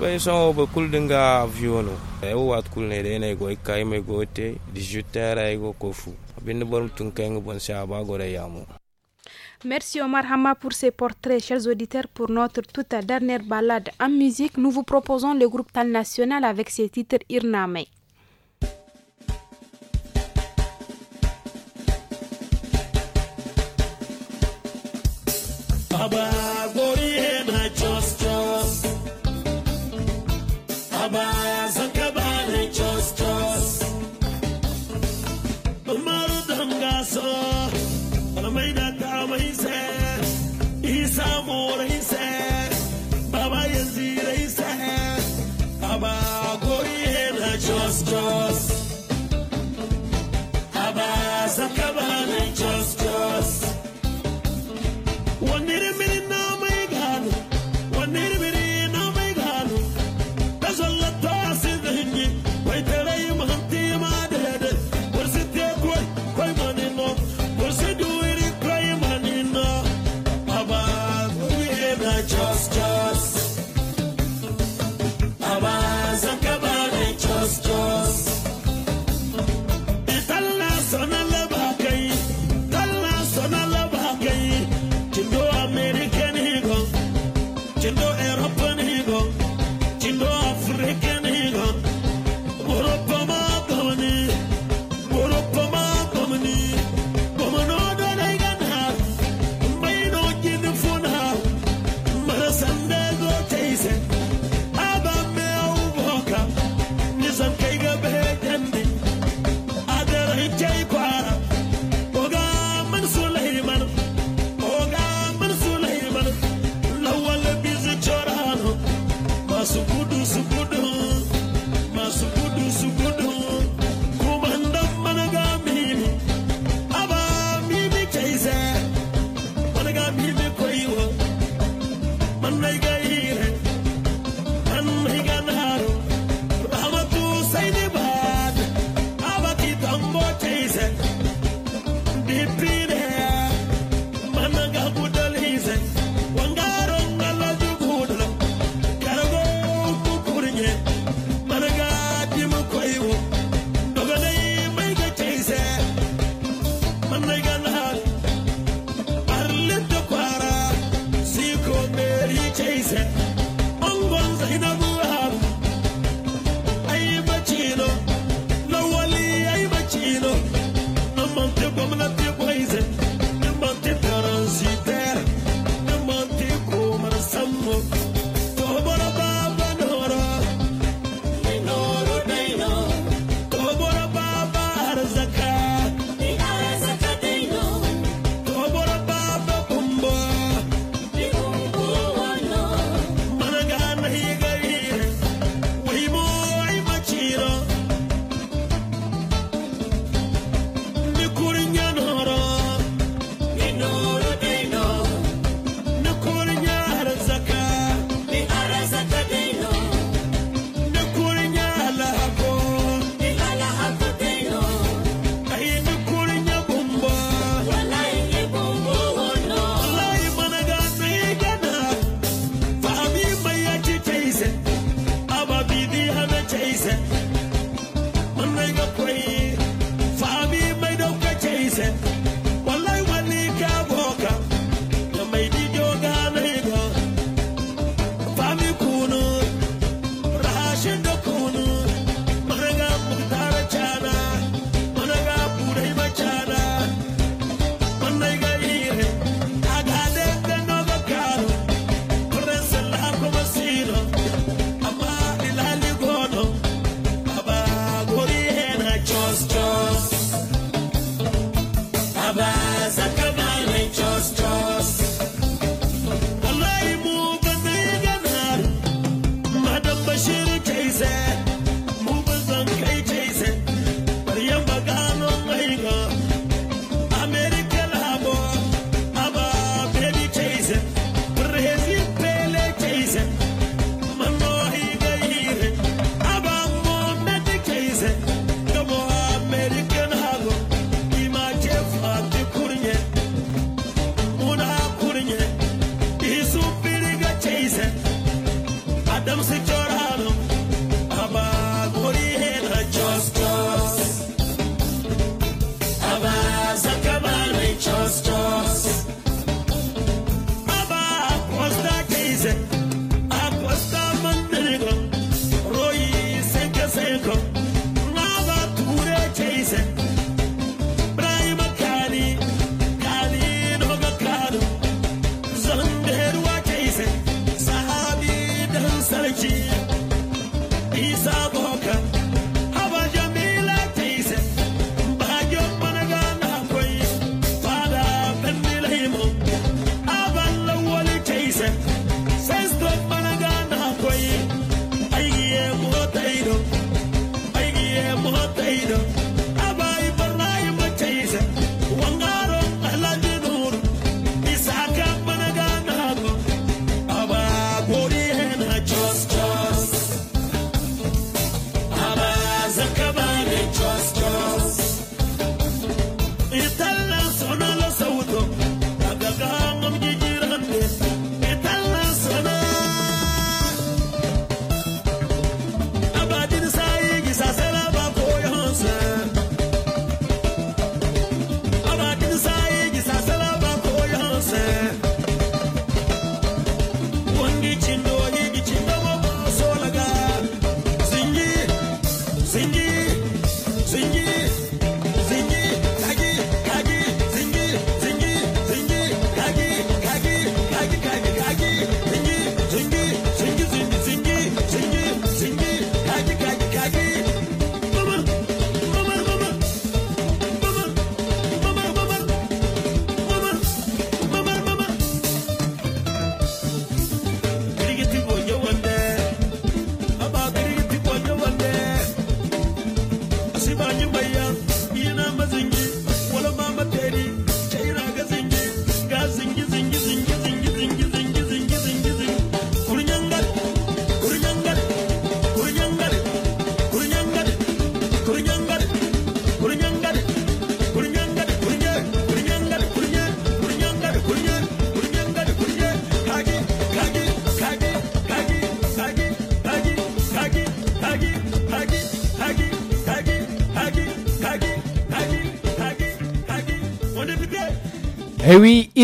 bay so ba kul e wat kul ne de go ikay me go te 18 heures kofu bin bor tun kan bon sha ba gore yamu Merci Omar Hama pour ces portraits, chers auditeurs, pour notre toute dernière balade en musique. Nous vous proposons le groupe Tal National avec ses titres Irname. Bye-bye.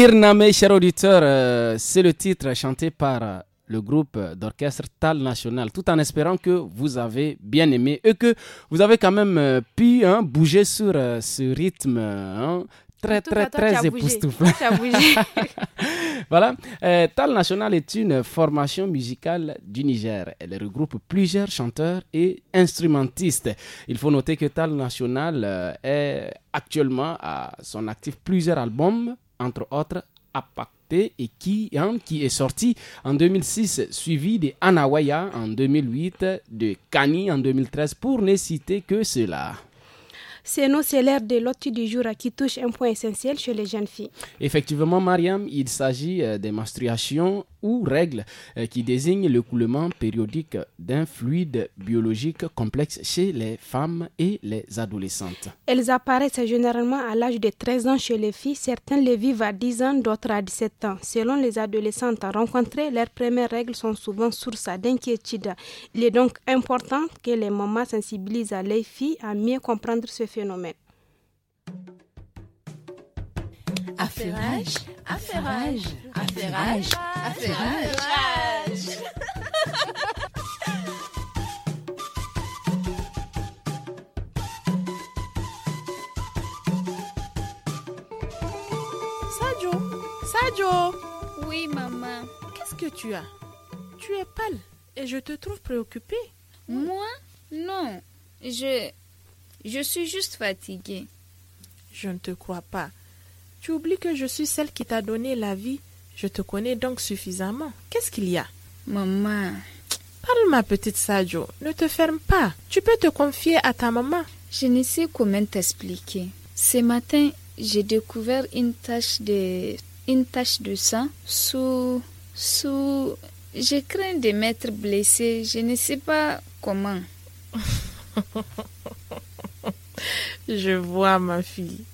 Irname, cher auditeur, euh, c'est le titre chanté par euh, le groupe d'orchestre Tal National, tout en espérant que vous avez bien aimé et que vous avez quand même euh, pu hein, bouger sur ce rythme hein, très très très époustouflant. voilà. Tal National est une formation musicale du Niger. Elle regroupe plusieurs chanteurs et instrumentistes. Il faut noter que Tal National est actuellement à son actif plusieurs albums entre autres Apacté et qui, hein, qui est sorti en 2006, suivi de Anawaya en 2008, de Kani en 2013, pour ne citer que cela. C'est nous, c'est l'ère de l'autre du jour qui touche un point essentiel chez les jeunes filles. Effectivement, Mariam, il s'agit euh, des menstruations ou règles euh, qui désignent l'écoulement périodique d'un fluide biologique complexe chez les femmes et les adolescentes. Elles apparaissent généralement à l'âge de 13 ans chez les filles, certains les vivent à 10 ans, d'autres à 17 ans. Selon les adolescentes rencontrées, leurs premières règles sont souvent source d'inquiétude. Il est donc important que les mamans sensibilisent les filles à mieux comprendre ce phénomène. Affairage, affairage, affairage, affairage. Sadio, Sadio. Oui, maman. Qu'est-ce que tu as Tu es pâle et je te trouve préoccupée. Moi Non. Je. Je suis juste fatiguée. Je ne te crois pas. Tu oublies que je suis celle qui t'a donné la vie. Je te connais donc suffisamment. Qu'est-ce qu'il y a Maman. Parle, ma petite Sadio. Ne te ferme pas. Tu peux te confier à ta maman. Je ne sais comment t'expliquer. Ce matin, j'ai découvert une tache de une tache de sang sous sous je crains de m'être blessée, je ne sais pas comment. je vois ma fille.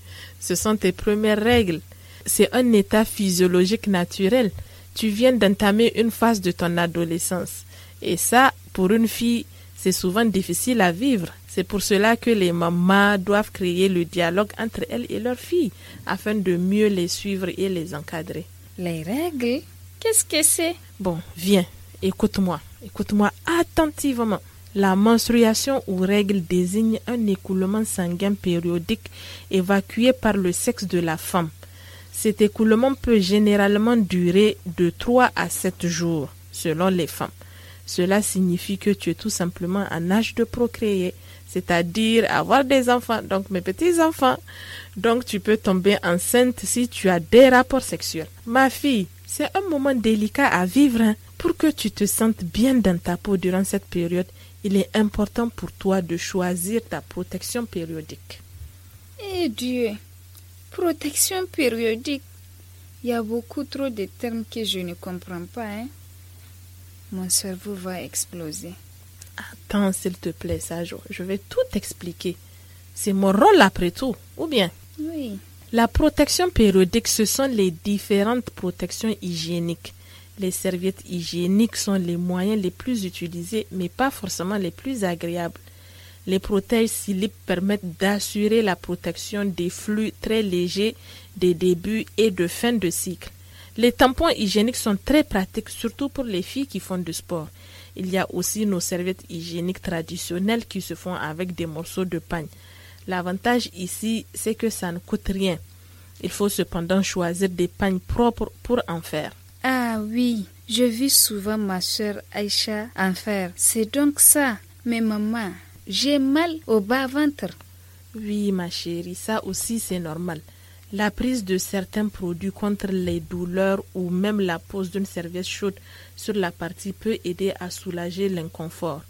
Ce sont tes premières règles. C'est un état physiologique naturel. Tu viens d'entamer une phase de ton adolescence. Et ça, pour une fille, c'est souvent difficile à vivre. C'est pour cela que les mamans doivent créer le dialogue entre elles et leurs filles afin de mieux les suivre et les encadrer. Les règles Qu'est-ce que c'est Bon, viens, écoute-moi. Écoute-moi attentivement. La menstruation ou règle désigne un écoulement sanguin périodique évacué par le sexe de la femme. Cet écoulement peut généralement durer de 3 à 7 jours selon les femmes. Cela signifie que tu es tout simplement en âge de procréer, c'est-à-dire avoir des enfants, donc mes petits-enfants. Donc tu peux tomber enceinte si tu as des rapports sexuels. Ma fille, c'est un moment délicat à vivre hein, pour que tu te sentes bien dans ta peau durant cette période il est important pour toi de choisir ta protection périodique. Eh Dieu, protection périodique. Il y a beaucoup trop de termes que je ne comprends pas. Hein? Mon cerveau va exploser. Attends, s'il te plaît, Sajo. Je vais tout expliquer. C'est mon rôle après tout, ou bien Oui. La protection périodique, ce sont les différentes protections hygiéniques les serviettes hygiéniques sont les moyens les plus utilisés, mais pas forcément les plus agréables. Les protèges silips permettent d'assurer la protection des flux très légers des débuts et de fin de cycle. Les tampons hygiéniques sont très pratiques, surtout pour les filles qui font du sport. Il y a aussi nos serviettes hygiéniques traditionnelles qui se font avec des morceaux de pagne. L'avantage ici, c'est que ça ne coûte rien. Il faut cependant choisir des pagnes propres pour en faire. Ah oui, je vis souvent ma soeur Aïcha en fer. C'est donc ça. Mais maman, j'ai mal au bas-ventre. Oui, ma chérie, ça aussi c'est normal. La prise de certains produits contre les douleurs ou même la pose d'une serviette chaude sur la partie peut aider à soulager l'inconfort.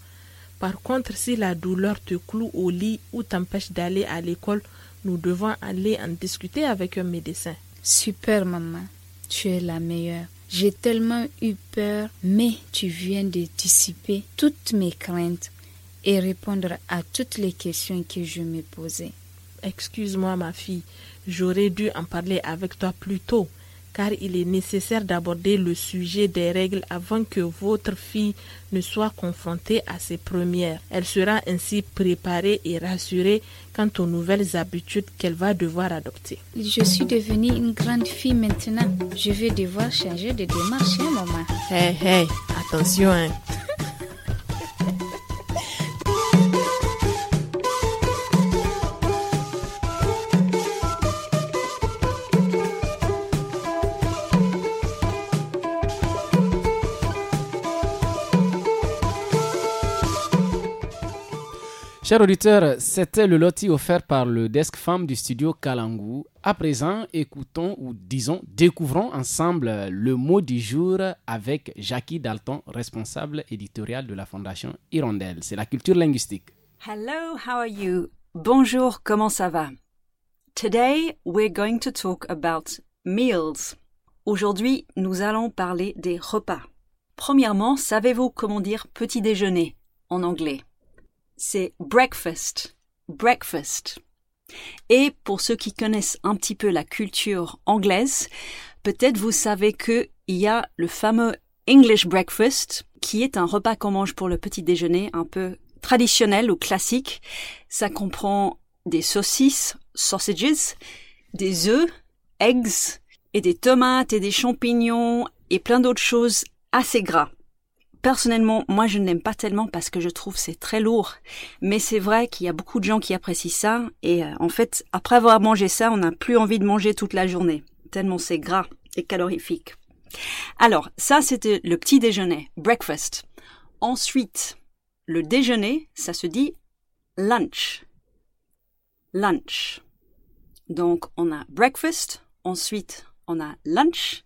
Par contre, si la douleur te cloue au lit ou t'empêche d'aller à l'école, nous devons aller en discuter avec un médecin. Super, maman. Tu es la meilleure. J'ai tellement eu peur, mais tu viens de dissiper toutes mes craintes et répondre à toutes les questions que je me posais. Excuse-moi ma fille, j'aurais dû en parler avec toi plus tôt car il est nécessaire d'aborder le sujet des règles avant que votre fille ne soit confrontée à ses premières. Elle sera ainsi préparée et rassurée quant aux nouvelles habitudes qu'elle va devoir adopter. Je suis devenue une grande fille maintenant. Je vais devoir changer de démarche, hein, maman. Hey, hey, attention. Hein. Chers auditeurs, c'était le loti offert par le desk femme du studio Kalangu. À présent, écoutons ou disons, découvrons ensemble le mot du jour avec Jackie Dalton, responsable éditorial de la Fondation Hirondelle. C'est la culture linguistique. Hello, how are you? Bonjour, comment ça va? Today, we're going to talk about meals. Aujourd'hui, nous allons parler des repas. Premièrement, savez-vous comment dire petit déjeuner en anglais? c'est breakfast. Breakfast. Et pour ceux qui connaissent un petit peu la culture anglaise, peut-être vous savez qu'il y a le fameux English breakfast, qui est un repas qu'on mange pour le petit déjeuner, un peu traditionnel ou classique. Ça comprend des saucisses, sausages, des œufs, eggs, et des tomates et des champignons et plein d'autres choses assez gras. Personnellement, moi je ne l'aime pas tellement parce que je trouve c'est très lourd. Mais c'est vrai qu'il y a beaucoup de gens qui apprécient ça et euh, en fait, après avoir mangé ça, on n'a plus envie de manger toute la journée, tellement c'est gras et calorifique. Alors, ça c'était le petit déjeuner, breakfast. Ensuite, le déjeuner, ça se dit lunch. Lunch. Donc on a breakfast, ensuite on a lunch,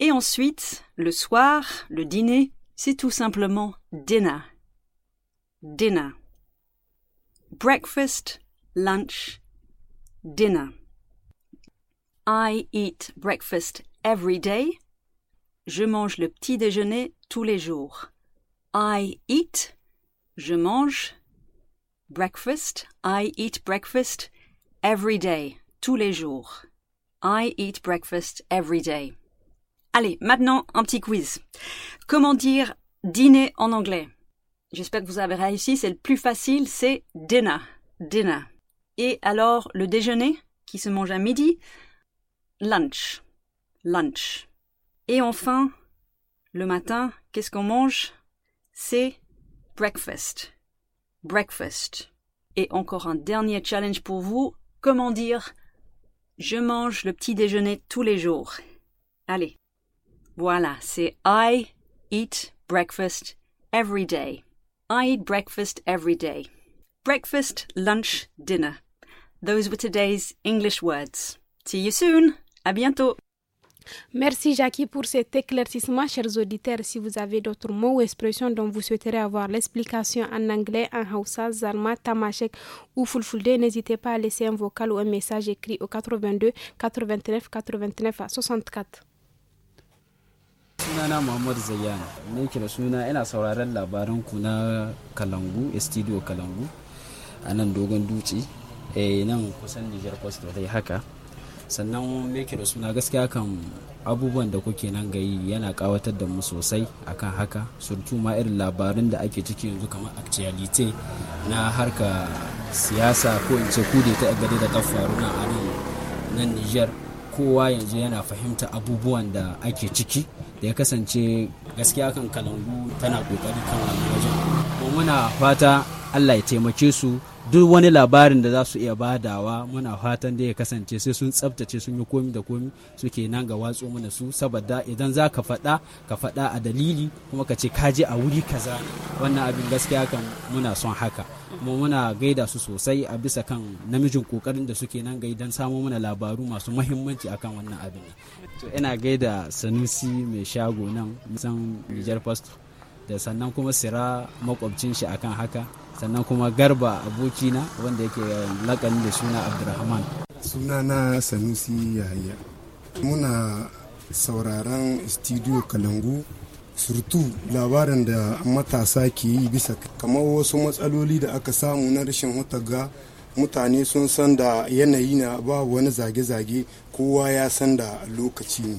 et ensuite le soir, le dîner, c'est tout simplement dinner. Dinner. Breakfast, lunch, dinner. I eat breakfast every day. Je mange le petit déjeuner tous les jours. I eat, je mange. Breakfast, I eat breakfast every day, tous les jours. I eat breakfast every day. Allez, maintenant un petit quiz. Comment dire dîner en anglais J'espère que vous avez réussi, c'est le plus facile, c'est dinner, dinner. Et alors le déjeuner qui se mange à midi, lunch, lunch. Et enfin, le matin, qu'est-ce qu'on mange C'est breakfast, breakfast. Et encore un dernier challenge pour vous, comment dire je mange le petit déjeuner tous les jours. Allez, voilà, c'est I eat breakfast every day. I eat breakfast every day. Breakfast, lunch, dinner. Those were today's English words. See you soon. À bientôt. Merci Jackie pour cet éclaircissement, chers auditeurs. Si vous avez d'autres mots ou expressions dont vous souhaiterez avoir l'explication en anglais, en Hausa, Zarma, Tamashek ou Fulfulde, n'hésitez pas à laisser un vocal ou un message écrit au 82 89 89 à 64. sunana muhammad zayyana ne ke da suna ina sauraron labaran ku na kalangu studio kalangu a nan dogon dutse eh nan kusan niger coast da haka sannan me ke da suna gaskiya kan abubuwan da kuke nan gayi yana kawatar da mu sosai akan haka surtu ma irin labarin da ake ciki yanzu kamar actualite na harka siyasa ko in ce kude ta gade da ta faru nan a nan niger kowa yanzu yana fahimta abubuwan da ake ciki da ya kasance gaskiya kan kalangu tana kokari kan wajen. wajen muna fata allah ya taimake su duk wani labarin da za su iya badawa muna fatan da ya kasance sai sun tsabtace sun yi komi da komi suke nan ga watsu mana su saboda idan za ka faɗa ka faɗa a dalili kuma ka ce ka je a wuri kaza wannan abin gaskiya kan muna son haka kuma muna gaida su sosai a bisa kan namijin kokarin da suke nan gai don samo mana labaru masu muhimmanci akan wannan abin to ina gaida sanusi mai shago nan san nijar fasto da sannan kuma sira makwabcin shi akan haka sannan kuma garba abokina wanda yake lakani da suna abdulrahman na sanusi yahaya muna sauraron studio kalangu surtu labarin da matasa ke yi bisa kamar wasu matsaloli da aka samu na rashin hutaga mutane sun san da yanayi na ba wani zage-zage kowa ya san da lokaci ne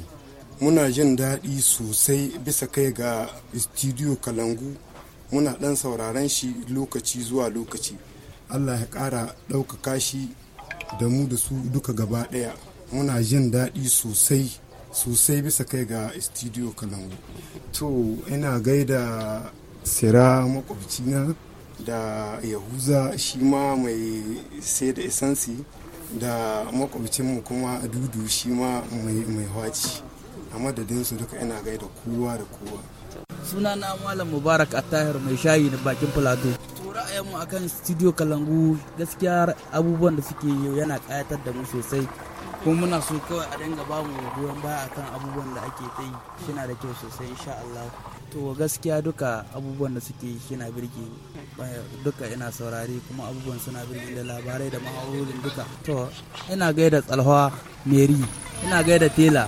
muna jin daɗi sosai bisa kai ga studio kalangu muna ɗan sauraron shi lokaci zuwa lokaci allah ya ƙara ɗaukaka shi da mu da su duka gaba ɗaya muna jin daɗi sosai sosai bisa kai ga studio kalangu to ina gaida sira makwabcina da yahuza shi ma mai sai da isansi da makwabcinmu kuma dudu shi ma mai hwaci a madadinsu duka ina gaida kowa da kowa Suna na malam mubarak a Tahir mai shayi na bakin ra'ayin mu akan studio kalangu gaskiya abubuwan da suke yau yana kayatar da mu sosai kuma muna so kawai a dinga ba mu goyon baya akan abubuwan da ake ta yi shina da kyau sosai insha Allah to gaskiya duka abubuwan da suke yi shina birge duka ina saurare kuma abubuwan suna birge da labarai da ma'aurin duka to ina gaida tsalhwa meri ina gaida tela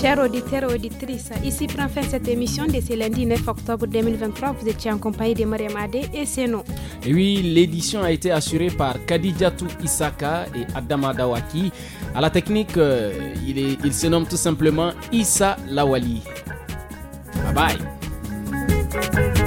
Chers auditeurs et auditrices, ici prend fin cette émission de ce lundi 9 octobre 2023. Vous étiez en compagnie de Mariam Adé et Seno. Et oui, l'édition a été assurée par Kadijatou Isaka et Adama Dawaki. À la technique, euh, il, il se nomme tout simplement Issa Lawali. Bye bye.